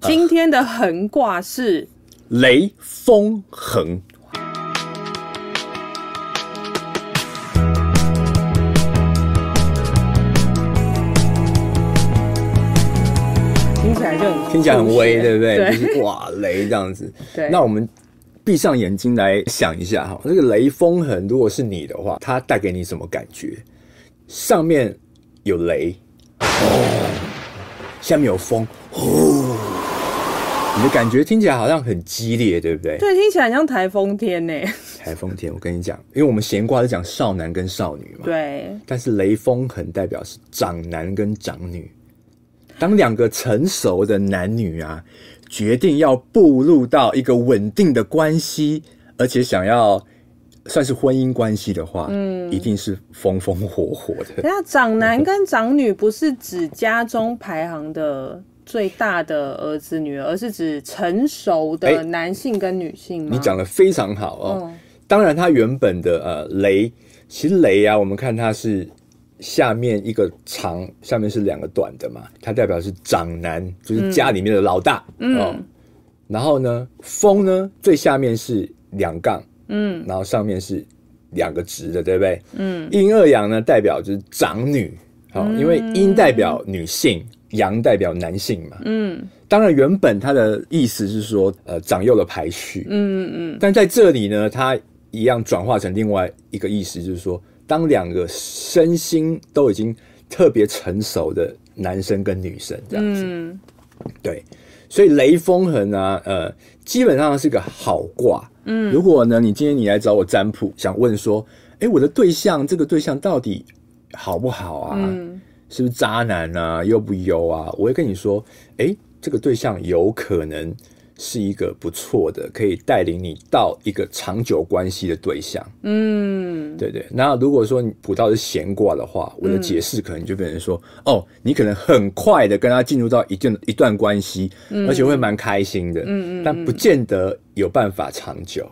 今天的恆卦是、啊、雷風恆，聽起來就很聽起來很威，對不對？對不是哇，雷這樣子。 對，那我們閉上眼睛來想一下哈，這個雷風恆，如果是你的話，它帶給你什麼感覺？上面有雷， 下面有風，呼。 你的感覺聽起來好像很激烈，對不對？對，聽起來很像台風天呢、欸。台風天，我跟你講，因為我們咸卦是講少男跟少女嘛。對。但是雷風恆代表是長男跟長女。當兩個成熟的男女啊，決定要步入到一個穩定的關係，而且想要算是婚姻關係的話，嗯，一定是風風火火的。那長男跟長女不是指家中排行的？最大的兒子女兒，而是指成熟的男性跟女性嗎、欸、你講的非常好哦，哦。當然，他原本的呃雷，其實雷啊，我們看它是下面一個長，下面是兩個短的嘛，它代表是長男，就是家裡面的老大。嗯。哦、然後呢，風呢最下面是兩槓，嗯，然後上面是兩個直的，對不對？嗯。陰二陽呢，代表就是長女，好、哦，因為陰代表女性。嗯嗯嗯陽代表男性嘛，嗯，當然原本他的意思是說，呃，長幼的排序，嗯嗯，但在這裡呢，他一樣轉化成另外一個意思，就是說，當兩個身心都已經特別成熟的男生跟女生這樣子，嗯、對，所以雷風恆呢，呃，基本上是個好卦，嗯，如果呢，你今天你來找我占卜，想問說，哎、欸，我的對象這個對象到底好不好啊？嗯是不是渣男啊？優不優啊？我會跟你說，誒、欸、這個對象有可能是一個不錯的，可以帶領你到一個長久關係的對象。嗯，對對，對。那如果說你卜到是咸卦的話，我的解釋可能就變成說、嗯，哦，你可能很快的跟他進入到一段一段關係、嗯，而且會蠻開心的嗯嗯嗯。但不見得有辦法長久。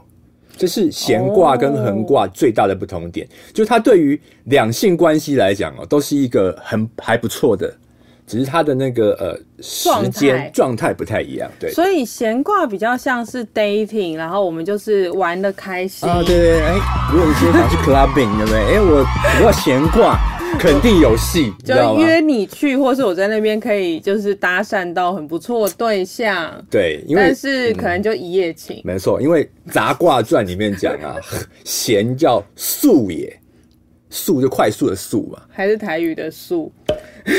這是咸卦跟恆卦最大的不同點，哦、就是它對於兩性關係來講哦，都是一個很還不錯的，只是它的那個呃時間狀態，狀態不太一樣。對，所以咸卦比較像是 dating，然後我們就是玩得開心。啊，對對，哎，如果說想去 clubbing， 對不對？哎，我我要咸卦。肯定有戲，就約你去，你或是我在那邊可以就是搭訕到很不錯的對象。對，因為，但是可能就一夜情。嗯、沒錯，因為《雜卦傳》裡面講啊，咸 叫速也，速就快速的速嘛，還是台語的速。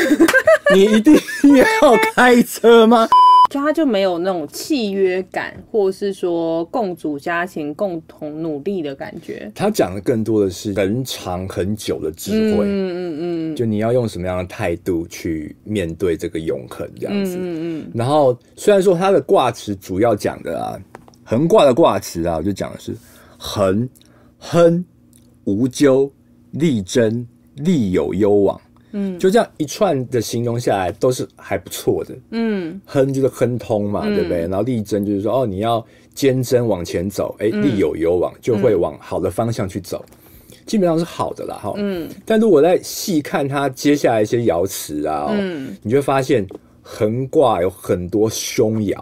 你一定要開車嗎？ 就他就沒有那種契約感，或是說共組家庭、共同努力的感覺。他講的更多的是很長很久的智慧。嗯嗯嗯，就你要用什麼樣的態度去面對這個永恆這樣子。嗯嗯，嗯。然後雖然說他的卦辭主要講的啊，恆卦的卦辭啊，我就講的是恆、亨無咎，利貞利有攸往。嗯，就這樣一串的形容下來都是還不錯的，嗯，亨就是亨通嘛，嗯、對不對？然後利貞就是說，哦，你要堅貞往前走，哎、欸，利有攸往，就會往好的方向去走，嗯、基本上是好的了哈、哦。嗯，但如果再細看它接下來一些爻辭啊，嗯，你就會發現恆卦有很多凶爻。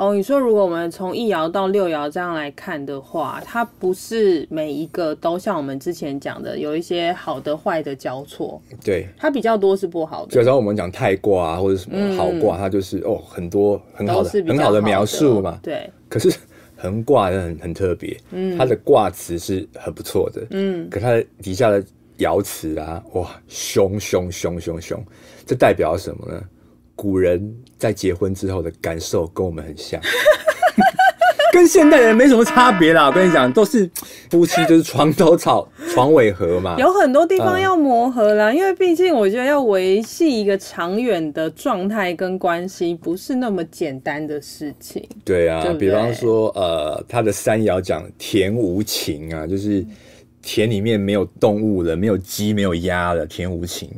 哦，你說如果我們從一爻到六爻這樣來看的話，它不是每一個都像我們之前講的有一些好的壞的交錯。對，它比較多是不好的。就像我們講泰卦啊，或者什麼、嗯、好卦，它就是哦很多很好的，好的很好的描述嘛。對，可是恆卦的很很特別，嗯，它的卦辭是很不錯的，嗯，可它的底下的爻辭啊，哇，凶凶凶凶凶，這代表什麼呢？古人在結婚之後的感受跟我們很像， 跟現代人沒什麼差別啦。我跟你講，都是夫妻，就是床頭吵，床尾和嘛。有很多地方要磨合啦，呃、因為畢竟我覺得要維繫一個長遠的狀態跟關係，不是那麼簡單的事情。對啊，對不對？比方說，呃，他的三爻講田無禽啊，就是田裡面沒有動物了，沒有雞，沒有鴨了，田無禽。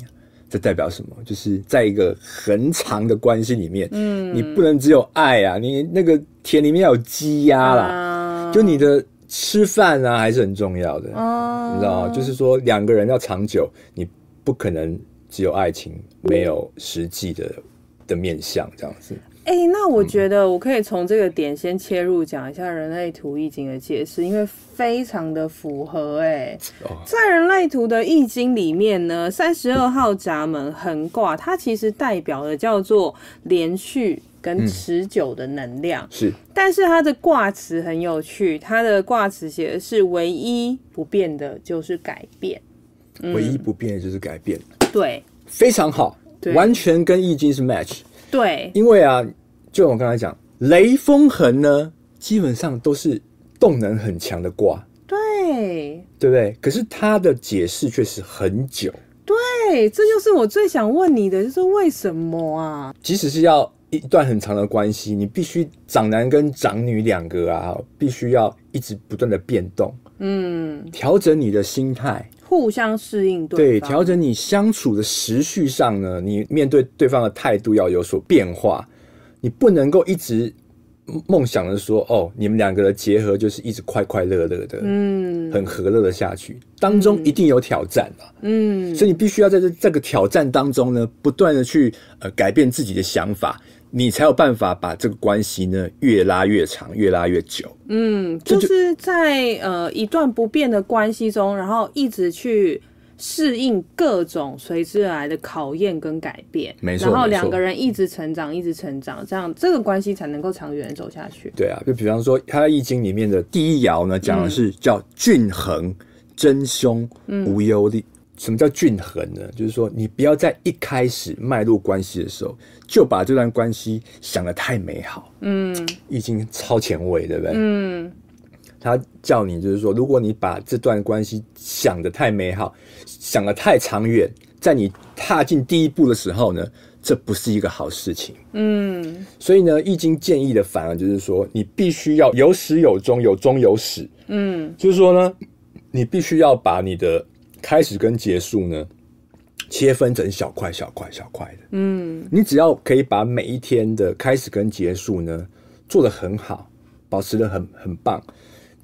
這代表什麼？就是在一個很長的關係裡面，嗯，你不能只有愛啊，你那個田裡面要有雞鴨啦，啊，就你的吃飯啊還是很重要的，啊，你知道嗎？就是說兩個人要長久，你不可能只有愛情沒有實際的的面向這樣子。哎、欸，那我覺得我可以從這個點先切入講一下人類圖易經的解釋，因為非常的符合、欸。哎，在人類圖的易經裡面呢，三十二號閘門恆卦，它其實代表的叫做連續跟持久的能量。嗯、是，但是它的卦辭很有趣，它的卦辭寫的是唯一不變的就是改變，唯一不變的就是改變。嗯、變改變對，非常好，對，完全跟易經是 match。對，因為啊，就我剛才講，雷風恆呢，基本上都是動能很強的卦，對，對不對？可是他的解釋卻是很久，對，這就是我最想問你的，就是為什麼啊？即使是要一段很長的關係，你必須長男跟長女兩個啊，必須要一直不斷的變動，嗯，調整你的心態。互相適應。對，對，調整你相處的時序上呢，你面對對方的態度要有所變化，你不能夠一直夢想的說，哦，你們兩個的結合就是一直快快樂樂的，嗯，很和樂的下去，當中一定有挑戰，嗯，所以你必須要在這這個挑戰當中呢，不斷的去，呃，改變自己的想法。你才有辦法把這個關係呢越拉越長，越拉越久。嗯，就是在就呃一段不變的關係中，然後一直去適應各種隨之而來的考驗跟改變。沒錯，然後兩個人一直成長，嗯，一直成長，這樣這個關係才能夠長遠走下去。對啊，就比方說他在《易經》裡面的第一爻呢，講的是叫“浚恆，貞凶，無攸”利，嗯。什麼叫均衡呢？就是說，你不要在一開始邁入關係的時候，就把這段關係想得太美好。嗯，易經超前衛，對不對？嗯，他叫你就是說，如果你把這段關係想得太美好，想得太長遠，在你踏進第一步的時候呢，這不是一個好事情。嗯，所以呢，易經建議的反而就是說，你必須要有始有終，有終有始。嗯，就是說呢，你必須要把你的。開始跟結束呢，切分成小塊、小塊、小塊的。嗯，你只要可以把每一天的開始跟結束呢，做得很好，保持得很很棒，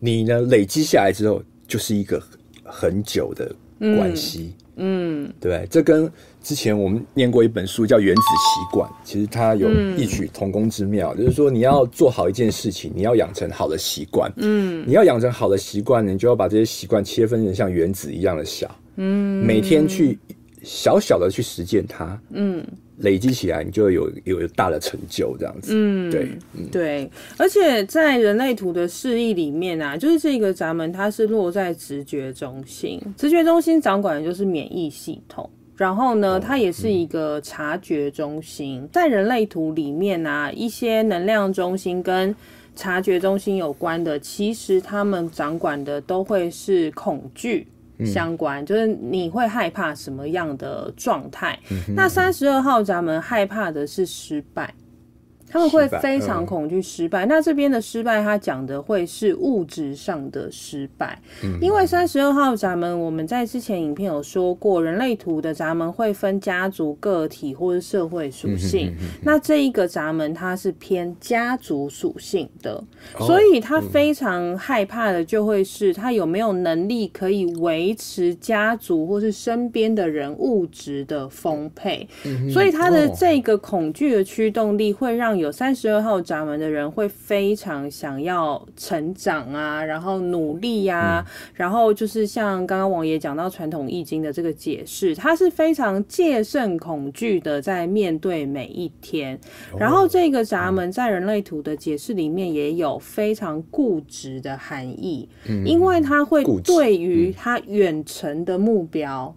你呢，累積下來之後，就是一個很久的關係。嗯嗯，對，這跟之前我們念過一本書叫《原子習慣》，其實它有異曲同工之妙。嗯，就是說，你要做好一件事情，你要養成好的習慣。嗯，你要養成好的習慣，你就要把這些習慣切分成像原子一樣的小。嗯，每天去。小小的去實踐它，嗯，累積起來你就有有大的成就這樣子，嗯，對嗯，對，而且在人類圖的示意裡面啊，就是這個閘門它是落在直覺中心，直覺中心掌管的就是免疫系統，然後呢，哦、它也是一個察覺中心、嗯，在人類圖裡面啊，一些能量中心跟察覺中心有關的，其實他們掌管的都會是恐懼。相關就是你會害怕什麼樣的狀態？嗯，那三十二號閘門害怕的是失敗。他們會非常恐懼失敗。失敗嗯、那這邊的失敗，他講的會是物質上的失敗，嗯、因為三十二號閘門，我們在之前影片有說過，人類圖的閘門會分家族、個體或者社會屬性、嗯。那這一個閘門，它是偏家族屬性的、哦，所以他非常害怕的，就會是他有沒有能力可以維持家族或是身邊的人物質的豐沛、嗯。所以他的這個恐懼的驅動力會讓。有三十二號閘門的人會非常想要成長啊，然後努力呀、啊嗯，然後就是像剛剛王爺講到傳統易經的這個解釋，他是非常戒慎恐懼的在面對每一天。嗯、然後這個閘門在人類圖的解釋裡面也有非常固執的含義，嗯、因為它會對於它遠程的目標，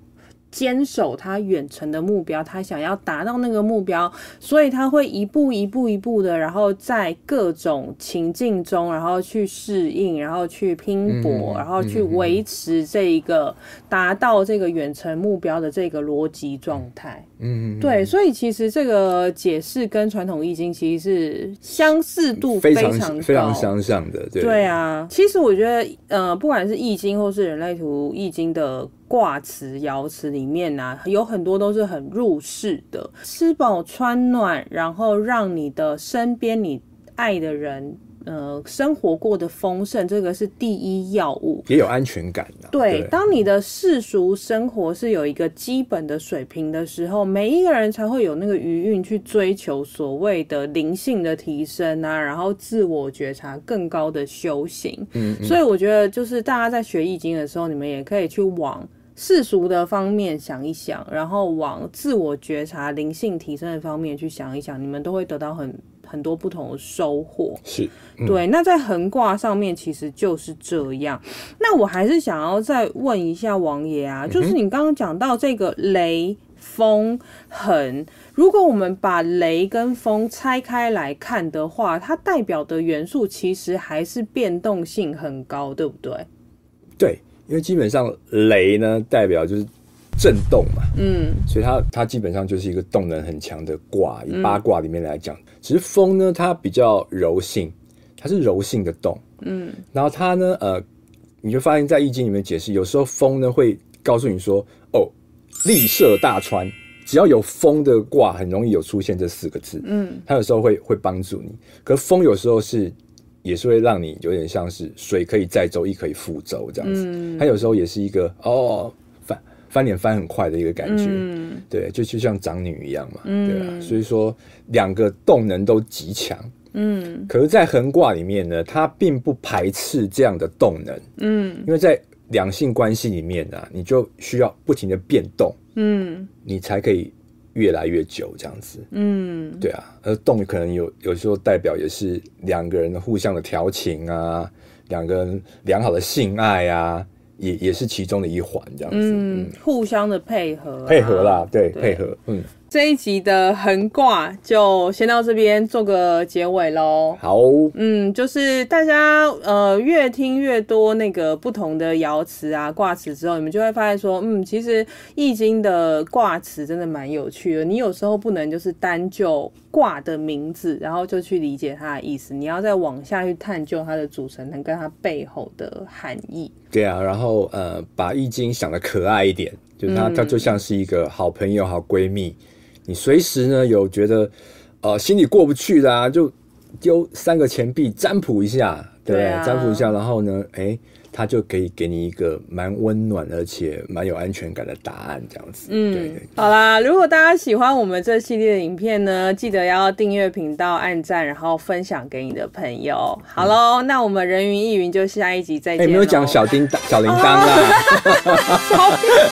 堅守他遠程的目標，他想要達到那個目標，所以他會一步一步一步的，然後在各種情境中，然後去適應，然後去拼搏，然後去維持這一個達到這個遠程目標的這個邏輯狀態。嗯，嗯，對，所以其實這個解釋跟傳統易經其實是相似度非常高，非常，非常相像的，對。對啊，其實我覺得，呃，不管是易經或是人類圖易經的卦辭爻辭裡面啊，有很多都是很入世的，吃飽穿暖，然後讓你的身邊你愛的人。呃，生活過得豐盛，這個是第一要務，也有安全感吶、啊。對，當你的世俗生活是有一個基本的水平的時候，嗯、每一個人才會有那個餘韻去追求所謂的靈性的提升啊，然後自我覺察、更高的修行。嗯，嗯，所以我覺得就是大家在學易經的時候，你們也可以去往世俗的方面想一想，然後往自我覺察、靈性提升的方面去想一想，你們都會得到很。很多不同的收穫是、嗯，對。那在恆卦上面其實就是這樣。那我還是想要再問一下王爺啊，就是你剛剛講到這個雷風恆，如果我們把雷跟風拆開來看的話，它代表的元素其實還是變動性很高，對不對？對，因為基本上雷呢代表就是。震動嘛，嗯，所以它它基本上就是一個動能很強的卦，以八卦裡面來講，其、嗯、實風呢，它比較柔性，它是柔性的動，嗯，然後它呢，呃，你就發現在易經裡面解釋，有時候風呢會告訴你說，哦，利涉大川，只要有風的卦，很容易有出現這四個字，嗯，它有時候會會幫助你，可是風有時候是也是會讓你有點像是水可以載舟，亦可以覆舟這樣子，嗯，它有時候也是一個哦。翻臉翻很快的一個感覺，嗯、對，就就像長女一樣嘛，嗯、對啊，所以說兩個動能都極強，嗯。可是，在恆卦裡面呢，它並不排斥這樣的動能，嗯。因為在兩性關係裡面呢、啊，你就需要不停的變動，嗯，你才可以越來越久這樣子，嗯，對啊。而動可能有有時候代表也是兩個人互相的調情啊，兩個人良好的性愛啊。也也是其中的一環，這樣子，嗯，嗯，互相的配合啊，配合啦，對，對，配合，嗯。這一集的恆卦就先到這邊做個結尾嘍。好，嗯，就是大家呃越聽越多那個不同的爻辭啊卦辭之後，你們就會發現說，嗯，其實易經的卦辭真的蠻有趣的。你有時候不能就是單就卦的名字，然後就去理解它的意思，你要再往下去探究它的組成，能跟它背後的含義。對啊，然後呃把易經想得可愛一點，就它、嗯、它就像是一個好朋友，好閨蜜。你隨時呢有覺得，呃，心裡過不去的啊，就丟三個錢幣占卜一下，對，對,對、啊、占卜一下，然後呢，哎、欸，他就可以給你一個蠻溫暖而且蠻有安全感的答案，這樣子。嗯，對，對，對。好啦，如果大家喜歡我們這系列的影片呢，記得要訂閱頻道、按讚，然後分享給你的朋友。好嘍、嗯，那我們人云易云，就下一集再見。有、欸、沒有講小叮當、小鈴鐺啦？哦